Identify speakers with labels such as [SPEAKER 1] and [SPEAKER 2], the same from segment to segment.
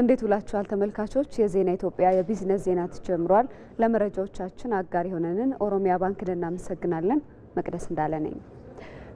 [SPEAKER 1] እንዴት ውላችኋል ተመልካቾች። የዜና ኢትዮጵያ የቢዝነስ ዜና ተጀምሯል። ለመረጃዎቻችን አጋር የሆነንን ኦሮሚያ ባንክን እናመሰግናለን። መቅደስ እንዳለ ነኝ።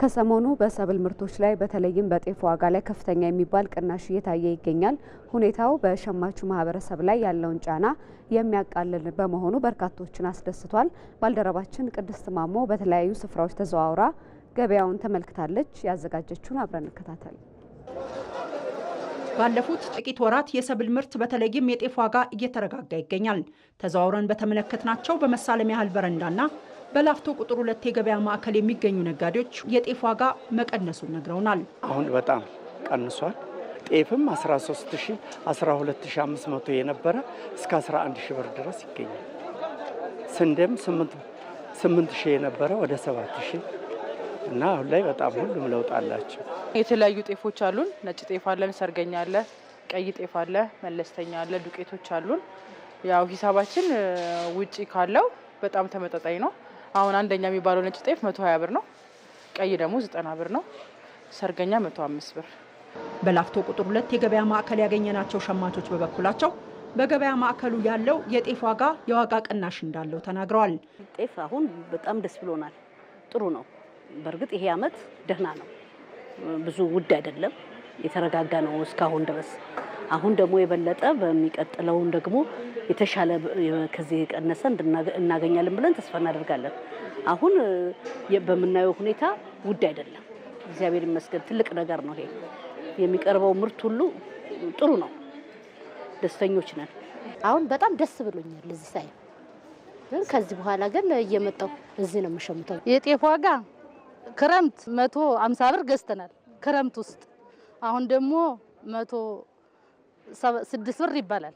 [SPEAKER 1] ከሰሞኑ በሰብል ምርቶች ላይ በተለይም በጤፍ ዋጋ ላይ ከፍተኛ የሚባል ቅናሽ እየታየ ይገኛል። ሁኔታው በሸማቹ ማህበረሰብ ላይ ያለውን ጫና የሚያቃልል በመሆኑ በርካቶችን አስደስቷል። ባልደረባችን ቅድስት ማሞ በተለያዩ ስፍራዎች ተዘዋውራ ገበያውን ተመልክታለች። ያዘጋጀችውን አብረን እንከታተል። ባለፉት ጥቂት ወራት የሰብል ምርት በተለይም የጤፍ ዋጋ እየተረጋጋ ይገኛል። ተዘዋውረን በተመለከትናቸው በመሳለም ያህል በረንዳና በላፍቶ ቁጥር ሁለት የገበያ ማዕከል የሚገኙ ነጋዴዎች የጤፍ ዋጋ መቀነሱን ነግረውናል።
[SPEAKER 2] አሁን በጣም ቀንሷል። ጤፍም 13000፣ 12500 የነበረ እስከ 11000 ብር ድረስ ይገኛል። ስንዴም 8000 የነበረ ወደ 7000 እና አሁን ላይ በጣም ሁሉም ለውጥ አላቸው።
[SPEAKER 3] የተለያዩ ጤፎች አሉን። ነጭ ጤፍ አለን፣ ሰርገኛ አለ፣ ቀይ ጤፍ አለ፣ መለስተኛ አለ፣ ዱቄቶች አሉን። ያው ሂሳባችን ውጪ ካለው በጣም ተመጣጣኝ ነው። አሁን አንደኛ የሚባለው ነጭ ጤፍ መቶ ብር ነው። ቀይ ደግሞ ዘጠና ብር ነው። ሰርገኛ መቶ ብር።
[SPEAKER 1] በላፍቶ ቁጥር ሁለት የገበያ ማዕከል ያገኘናቸው ሸማቾች በበኩላቸው በገበያ ማዕከሉ ያለው የጤፍ ዋጋ የዋጋ ቅናሽ እንዳለው ተናግረዋል።
[SPEAKER 4] ጤፍ አሁን በጣም ደስ ብሎናል። ጥሩ ነው። በእርግጥ ይሄ አመት ደህና ነው፣ ብዙ ውድ አይደለም፣ የተረጋጋ ነው እስካሁን ድረስ። አሁን ደግሞ የበለጠ በሚቀጥለውን ደግሞ የተሻለ ከዚህ የቀነሰ እናገኛለን ብለን ተስፋ እናደርጋለን። አሁን በምናየው ሁኔታ ውድ አይደለም፣ እግዚአብሔር ይመስገን። ትልቅ ነገር ነው ይሄ። የሚቀርበው ምርት ሁሉ ጥሩ ነው፣ ደስተኞች ነን።
[SPEAKER 5] አሁን በጣም ደስ ብሎኛል እዚህ ሳይ። ከዚህ በኋላ ግን እየመጣው እዚህ ነው የምሸምተው
[SPEAKER 6] የጤፍ ዋጋ ክረምት መቶ አምሳ ብር ገዝተናል። ክረምት ውስጥ አሁን ደግሞ መቶ ስድስት ብር ይባላል።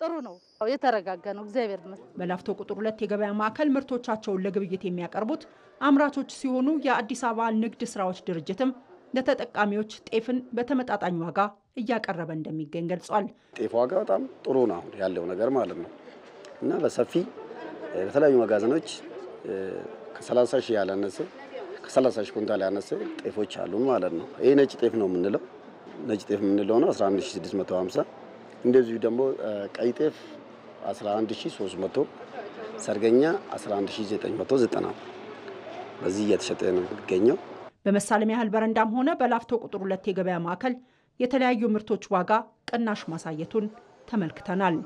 [SPEAKER 6] ጥሩ ነው። የተረጋጋ ነው። እግዚአብሔር ይመስገን።
[SPEAKER 1] መላፍቶ ቁጥር ሁለት የገበያ ማዕከል ምርቶቻቸውን ለግብይት የሚያቀርቡት አምራቾች ሲሆኑ የአዲስ አበባ ንግድ ስራዎች ድርጅትም ለተጠቃሚዎች ጤፍን በተመጣጣኝ ዋጋ እያቀረበ እንደሚገኝ ገልጿል።
[SPEAKER 7] ጤፍ ዋጋ በጣም ጥሩ ነው አሁን ያለው ነገር ማለት ነው እና በሰፊ በተለያዩ መጋዘኖች ከ30 ሺህ ያላነሰ ከሰላሳ ሺህ ኩንታል ያነሰ ጤፎች አሉ ማለት ነው። ይህ ነጭ ጤፍ ነው የምንለው ነጭ ጤፍ የምንለው ነው 11650 እንደዚሁ ደግሞ ቀይ ጤፍ 11300 ሰርገኛ 11990 በዚህ እየተሸጠ ነው የሚገኘው።
[SPEAKER 1] በመሳለም ያህል በረንዳም ሆነ በላፍቶ ቁጥር ሁለት የገበያ ማዕከል የተለያዩ ምርቶች ዋጋ ቅናሽ ማሳየቱን ተመልክተናል።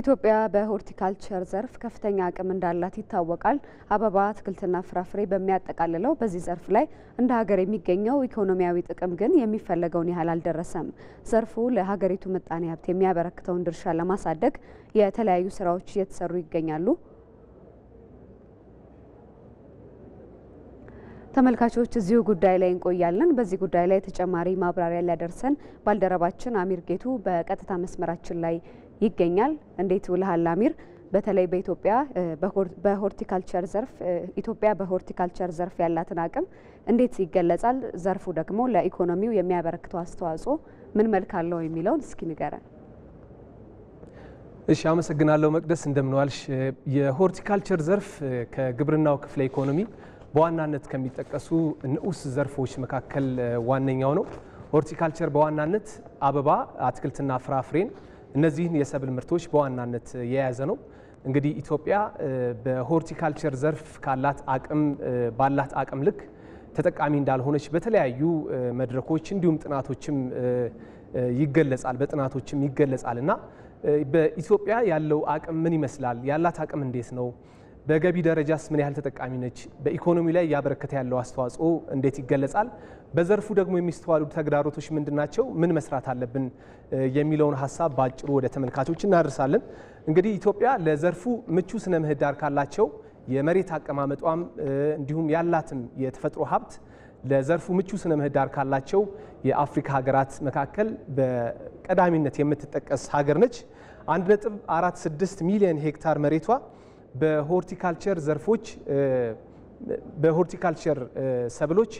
[SPEAKER 1] ኢትዮጵያ በሆርቲካልቸር ዘርፍ ከፍተኛ አቅም እንዳላት ይታወቃል። አበባ፣ አትክልትና ፍራፍሬ በሚያጠቃልለው በዚህ ዘርፍ ላይ እንደ ሀገር የሚገኘው ኢኮኖሚያዊ ጥቅም ግን የሚፈለገውን ያህል አልደረሰም። ዘርፉ ለሀገሪቱ ምጣኔ ሀብት የሚያበረክተውን ድርሻ ለማሳደግ የተለያዩ ስራዎች እየተሰሩ ይገኛሉ። ተመልካቾች እዚሁ ጉዳይ ላይ እንቆያለን። በዚህ ጉዳይ ላይ ተጨማሪ ማብራሪያ ሊያደርሰን ባልደረባችን አሚር ጌቱ በቀጥታ መስመራችን ላይ ይገኛል። እንዴት ውልሃል አሚር? በተለይ በኢትዮጵያ በሆርቲካልቸር ዘርፍ ኢትዮጵያ በሆርቲካልቸር ዘርፍ ያላትን አቅም እንዴት ይገለጻል? ዘርፉ ደግሞ ለኢኮኖሚው የሚያበረክተው አስተዋጽኦ ምን መልክ አለው የሚለውን እስኪ ንገረን።
[SPEAKER 8] እሺ፣ አመሰግናለሁ መቅደስ፣ እንደምንዋልሽ። የሆርቲካልቸር ዘርፍ ከግብርናው ክፍለ ኢኮኖሚ በዋናነት ከሚጠቀሱ ንዑስ ዘርፎች መካከል ዋነኛው ነው። ሆርቲካልቸር በዋናነት አበባ፣ አትክልትና ፍራፍሬን እነዚህን የሰብል ምርቶች በዋናነት የያዘ ነው። እንግዲህ ኢትዮጵያ በሆርቲካልቸር ዘርፍ ካላት አቅም ባላት አቅም ልክ ተጠቃሚ እንዳልሆነች በተለያዩ መድረኮች እንዲሁም ጥናቶችም ይገለጻል በጥናቶችም ይገለጻል እና በኢትዮጵያ ያለው አቅም ምን ይመስላል? ያላት አቅም እንዴት ነው? በገቢ ደረጃስ ምን ያህል ተጠቃሚ ነች? በኢኮኖሚ ላይ እያበረከተ ያለው አስተዋጽኦ እንዴት ይገለጻል? በዘርፉ ደግሞ የሚስተዋሉ ተግዳሮቶች ምንድን ናቸው? ምን መስራት አለብን? የሚለውን ሀሳብ በአጭሩ ወደ ተመልካቾች እናደርሳለን። እንግዲህ ኢትዮጵያ ለዘርፉ ምቹ ስነ ምህዳር ካላቸው የመሬት አቀማመጧም እንዲሁም ያላትም የተፈጥሮ ሀብት ለዘርፉ ምቹ ስነ ምህዳር ካላቸው የአፍሪካ ሀገራት መካከል በቀዳሚነት የምትጠቀስ ሀገር ነች። 1.46 ሚሊዮን ሄክታር መሬቷ በሆርቲካልቸር ዘርፎች በሆርቲካልቸር ሰብሎች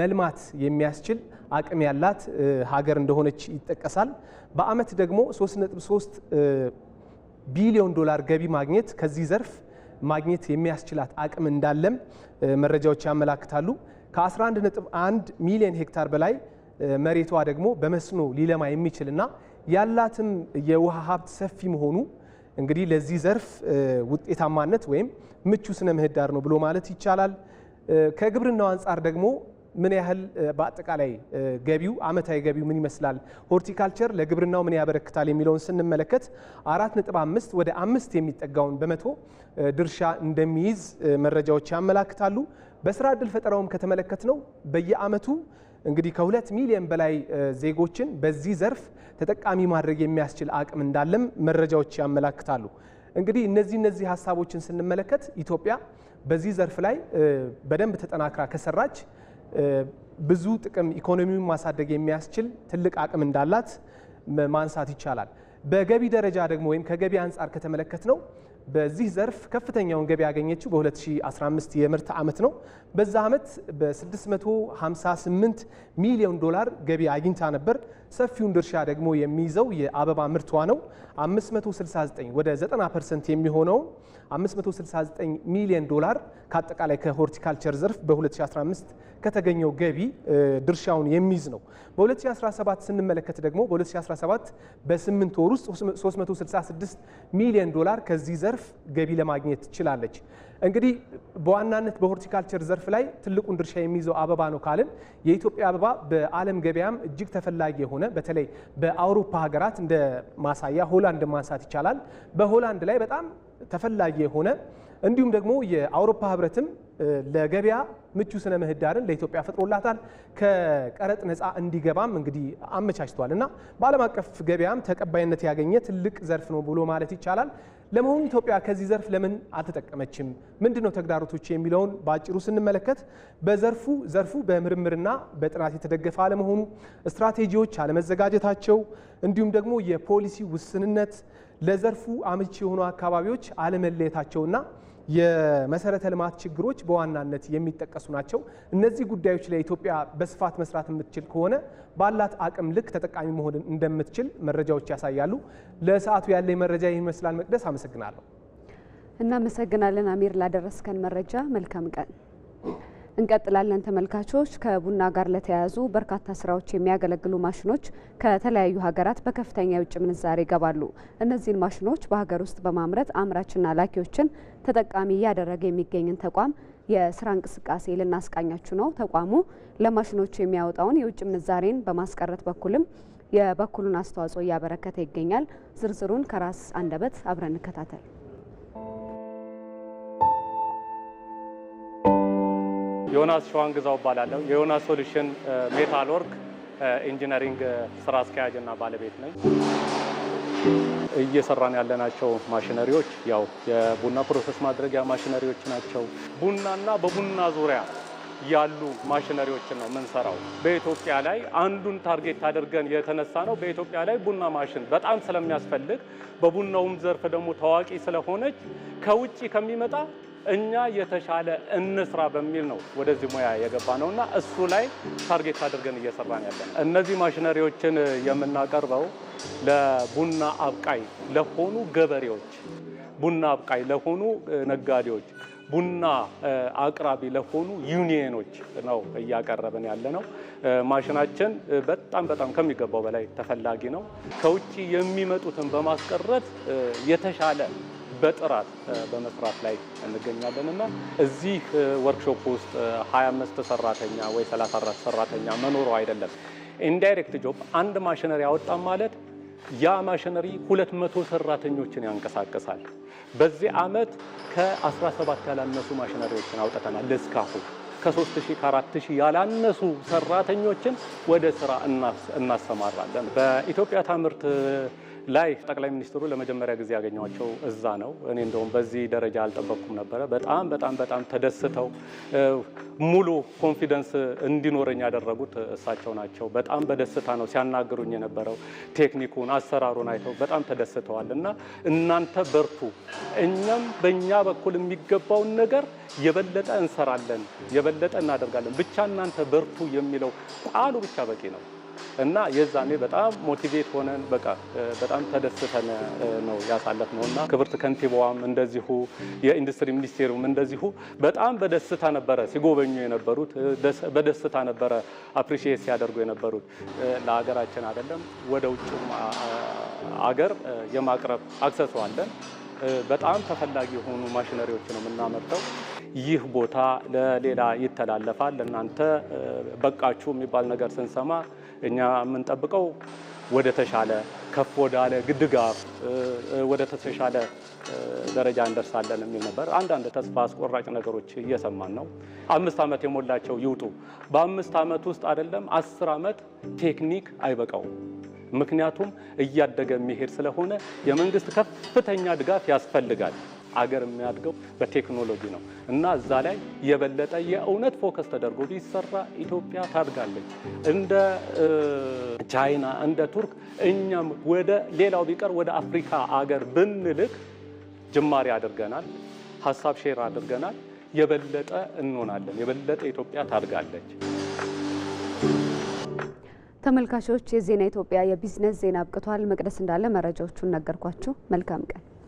[SPEAKER 8] መልማት የሚያስችል አቅም ያላት ሀገር እንደሆነች ይጠቀሳል። በአመት ደግሞ 3.3 ቢሊዮን ዶላር ገቢ ማግኘት ከዚህ ዘርፍ ማግኘት የሚያስችላት አቅም እንዳለም መረጃዎች ያመላክታሉ። ከ11.1 ሚሊዮን ሄክታር በላይ መሬቷ ደግሞ በመስኖ ሊለማ የሚችልና ያላትም የውሃ ሀብት ሰፊ መሆኑ እንግዲህ ለዚህ ዘርፍ ውጤታማነት ወይም ምቹ ስነ ምህዳር ነው ብሎ ማለት ይቻላል። ከግብርናው አንጻር ደግሞ ምን ያህል በአጠቃላይ ገቢው አመታዊ ገቢው ምን ይመስላል፣ ሆርቲካልቸር ለግብርናው ምን ያበረክታል የሚለውን ስንመለከት አራት ነጥብ አምስት ወደ አምስት የሚጠጋውን በመቶ ድርሻ እንደሚይዝ መረጃዎች ያመላክታሉ። በስራ እድል ፈጠራውም ከተመለከት ነው በየአመቱ እንግዲህ ከሁለት ሚሊዮን በላይ ዜጎችን በዚህ ዘርፍ ተጠቃሚ ማድረግ የሚያስችል አቅም እንዳለም መረጃዎች ያመላክታሉ። እንግዲህ እነዚህ እነዚህ ሀሳቦችን ስንመለከት ኢትዮጵያ በዚህ ዘርፍ ላይ በደንብ ተጠናክራ ከሰራች ብዙ ጥቅም ኢኮኖሚውን ማሳደግ የሚያስችል ትልቅ አቅም እንዳላት ማንሳት ይቻላል። በገቢ ደረጃ ደግሞ ወይም ከገቢ አንጻር ከተመለከት ነው በዚህ ዘርፍ ከፍተኛውን ገቢ ያገኘችው በ2015 የምርት ዓመት ነው። በዛ ዓመት በ658 ሚሊዮን ዶላር ገቢ አግኝታ ነበር። ሰፊውን ድርሻ ደግሞ የሚይዘው የአበባ ምርቷ ነው። 569 ወደ 90 ፐርሰንት የሚሆነው 569 ሚሊዮን ዶላር ከአጠቃላይ ከሆርቲካልቸር ዘርፍ በ2015 ከተገኘው ገቢ ድርሻውን የሚይዝ ነው። በ2017 ስንመለከት ደግሞ በ2017 በ8 ወር ውስጥ 366 ሚሊዮን ዶላር ከዚህ ዘርፍ ገቢ ለማግኘት ችላለች። እንግዲህ በዋናነት በሆርቲካልቸር ዘርፍ ላይ ትልቁን ድርሻ የሚይዘው አበባ ነው ካልን የኢትዮጵያ አበባ በዓለም ገበያም እጅግ ተፈላጊ የሆነ በተለይ በአውሮፓ ሀገራት እንደ ማሳያ ሆላንድ ማንሳት ይቻላል። በሆላንድ ላይ በጣም ተፈላጊ የሆነ እንዲሁም ደግሞ የአውሮፓ ህብረትም ለገበያ ምቹ ስነ ምህዳርን ለኢትዮጵያ ፈጥሮላታል። ከቀረጥ ነፃ እንዲገባም እንግዲህ አመቻችቷል እና በዓለም አቀፍ ገበያም ተቀባይነት ያገኘ ትልቅ ዘርፍ ነው ብሎ ማለት ይቻላል። ለመሆኑ ኢትዮጵያ ከዚህ ዘርፍ ለምን አልተጠቀመችም? ምንድን ነው ተግዳሮቶች የሚለውን በአጭሩ ስንመለከት በዘርፉ ዘርፉ በምርምርና በጥናት የተደገፈ አለመሆኑ፣ ስትራቴጂዎች አለመዘጋጀታቸው፣ እንዲሁም ደግሞ የፖሊሲ ውስንነት፣ ለዘርፉ አመቺ የሆኑ አካባቢዎች አለመለየታቸውና የመሰረተ ልማት ችግሮች በዋናነት የሚጠቀሱ ናቸው። እነዚህ ጉዳዮች ላይ ኢትዮጵያ በስፋት መስራት የምትችል ከሆነ ባላት አቅም ልክ ተጠቃሚ መሆን እንደምትችል መረጃዎች ያሳያሉ። ለሰዓቱ ያለ መረጃ ይመስላል። መቅደስ፣ አመሰግናለሁ።
[SPEAKER 1] እናመሰግናለን አሚር ላደረስከን መረጃ። መልካም ቀን። እንቀጥላለን። ተመልካቾች ከቡና ጋር ለተያያዙ በርካታ ስራዎች የሚያገለግሉ ማሽኖች ከተለያዩ ሀገራት በከፍተኛ የውጭ ምንዛሬ ይገባሉ። እነዚህን ማሽኖች በሀገር ውስጥ በማምረት አምራችና ላኪዎችን ተጠቃሚ እያደረገ የሚገኝን ተቋም የስራ እንቅስቃሴ ልናስቃኛችሁ ነው። ተቋሙ ለማሽኖቹ የሚያወጣውን የውጭ ምንዛሬን በማስቀረት በኩልም የበኩሉን አስተዋጽኦ እያበረከተ ይገኛል። ዝርዝሩን ከራስ አንደበት አብረን እንከታተል።
[SPEAKER 9] ዮናስ ሸዋንግዛው እባላለሁ። የዮናስ ሶሉሽን ሜታል ኢንጂነሪንግ ስራ አስኪያጅ እና ባለቤት ነኝ። እየሰራን ያለናቸው ማሽነሪዎች ያው የቡና ፕሮሰስ ማድረጊያ ማሽነሪዎች ናቸው። ቡናና በቡና ዙሪያ ያሉ ማሽነሪዎችን ነው የምንሰራው። በኢትዮጵያ ላይ አንዱን ታርጌት አድርገን የተነሳ ነው። በኢትዮጵያ ላይ ቡና ማሽን በጣም ስለሚያስፈልግ በቡናውም ዘርፍ ደግሞ ታዋቂ ስለሆነች ከውጭ ከሚመጣ እኛ የተሻለ እንስራ በሚል ነው ወደዚህ ሙያ የገባ ነው እና እሱ ላይ ታርጌት አድርገን እየሰራን ያለን እነዚህ ማሽነሪዎችን የምናቀርበው ለቡና አብቃይ ለሆኑ ገበሬዎች ቡና አብቃይ ለሆኑ ነጋዴዎች ቡና አቅራቢ ለሆኑ ዩኒየኖች ነው እያቀረብን ያለ ነው። ማሽናችን በጣም በጣም ከሚገባው በላይ ተፈላጊ ነው። ከውጭ የሚመጡትን በማስቀረት የተሻለ በጥራት በመስራት ላይ እንገኛለን እና እዚህ ወርክሾፕ ውስጥ 25 ሰራተኛ ወይ 34 ሰራተኛ መኖሩ አይደለም ኢንዳይሬክት ጆብ አንድ ማሽነሪ ያወጣም ማለት ያ ማሽነሪ 200 ሰራተኞችን ያንቀሳቅሳል። በዚህ ዓመት ከ17 ያላነሱ ማሽነሪዎችን አውጥተናል። እስካሁን ከ3000 ከ4000 ያላነሱ ሰራተኞችን ወደ ስራ እናሰማራለን። በኢትዮጵያ ታምርት ላይ ጠቅላይ ሚኒስትሩ ለመጀመሪያ ጊዜ ያገኘቸው እዛ ነው። እኔ እንደውም በዚህ ደረጃ አልጠበቅኩም ነበረ። በጣም በጣም በጣም ተደስተው ሙሉ ኮንፊደንስ እንዲኖረኝ ያደረጉት እሳቸው ናቸው። በጣም በደስታ ነው ሲያናግሩኝ የነበረው። ቴክኒኩን፣ አሰራሩን አይተው በጣም ተደስተዋል እና እናንተ በርቱ፣ እኛም በእኛ በኩል የሚገባውን ነገር የበለጠ እንሰራለን፣ የበለጠ እናደርጋለን፣ ብቻ እናንተ በርቱ የሚለው ቃሉ ብቻ በቂ ነው። እና የዛኔ በጣም ሞቲቬት ሆነን በቃ በጣም ተደስተን ነው ያሳለፍነው። እና ክብርት ከንቲባዋም እንደዚሁ የኢንዱስትሪ ሚኒስቴሩም እንደዚሁ በጣም በደስታ ነበረ ሲጎበኙ የነበሩት፣ በደስታ ነበረ አፕሪሺየት ሲያደርጉ የነበሩት። ለሀገራችን አይደለም ወደ ውጭም አገር የማቅረብ አክሰሱ አለን። በጣም ተፈላጊ የሆኑ ማሽነሪዎች ነው የምናመርተው። ይህ ቦታ ለሌላ ይተላለፋል። እናንተ በቃችሁ የሚባል ነገር ስንሰማ እኛ የምንጠብቀው ወደ ተሻለ ከፍ ወዳለ ግድጋፍ ወደ ተሻለ ደረጃ እንደርሳለን የሚል ነበር። አንዳንድ ተስፋ አስቆራጭ ነገሮች እየሰማን ነው። አምስት ዓመት የሞላቸው ይውጡ። በአምስት ዓመት ውስጥ አይደለም አስር ዓመት ቴክኒክ አይበቃውም። ምክንያቱም እያደገ የሚሄድ ስለሆነ የመንግስት ከፍተኛ ድጋፍ ያስፈልጋል። አገር የሚያድገው በቴክኖሎጂ ነው እና እዛ ላይ የበለጠ የእውነት ፎከስ ተደርጎ ቢሰራ ኢትዮጵያ ታድጋለች። እንደ ቻይና፣ እንደ ቱርክ እኛም ወደ ሌላው ቢቀር ወደ አፍሪካ አገር ብንልክ ጅማሬ አድርገናል። ሀሳብ ሼር አድርገናል። የበለጠ እንሆናለን። የበለጠ ኢትዮጵያ ታድጋለች።
[SPEAKER 1] ተመልካቾች፣ የዜና ኢትዮጵያ የቢዝነስ ዜና አብቅቷል። መቅደስ እንዳለ መረጃዎቹን ነገርኳችሁ። መልካም ቀን።